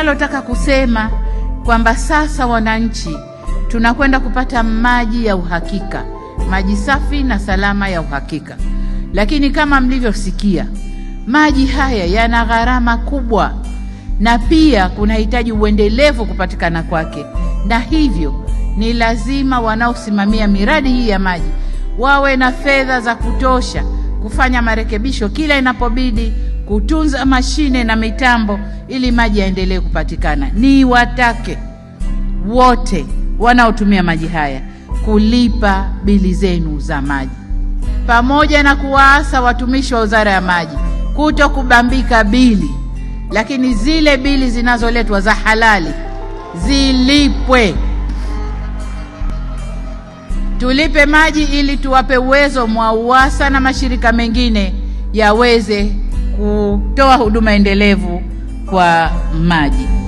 Ninalotaka kusema kwamba sasa wananchi tunakwenda kupata maji ya uhakika, maji safi na salama ya uhakika. Lakini kama mlivyosikia, maji haya yana gharama kubwa, na pia kunahitaji uendelevu kupatikana kwake, na hivyo ni lazima wanaosimamia miradi hii ya maji wawe na fedha za kutosha kufanya marekebisho kila inapobidi kutunza mashine na mitambo ili maji yaendelee kupatikana. Ni watake wote wanaotumia maji haya kulipa bili zenu za maji, pamoja na kuwaasa watumishi wa Wizara ya Maji kuto kubambika bili, lakini zile bili zinazoletwa za halali zilipwe. Tulipe maji ili tuwape uwezo MWAUWASA na mashirika mengine yaweze kutoa huduma endelevu kwa maji.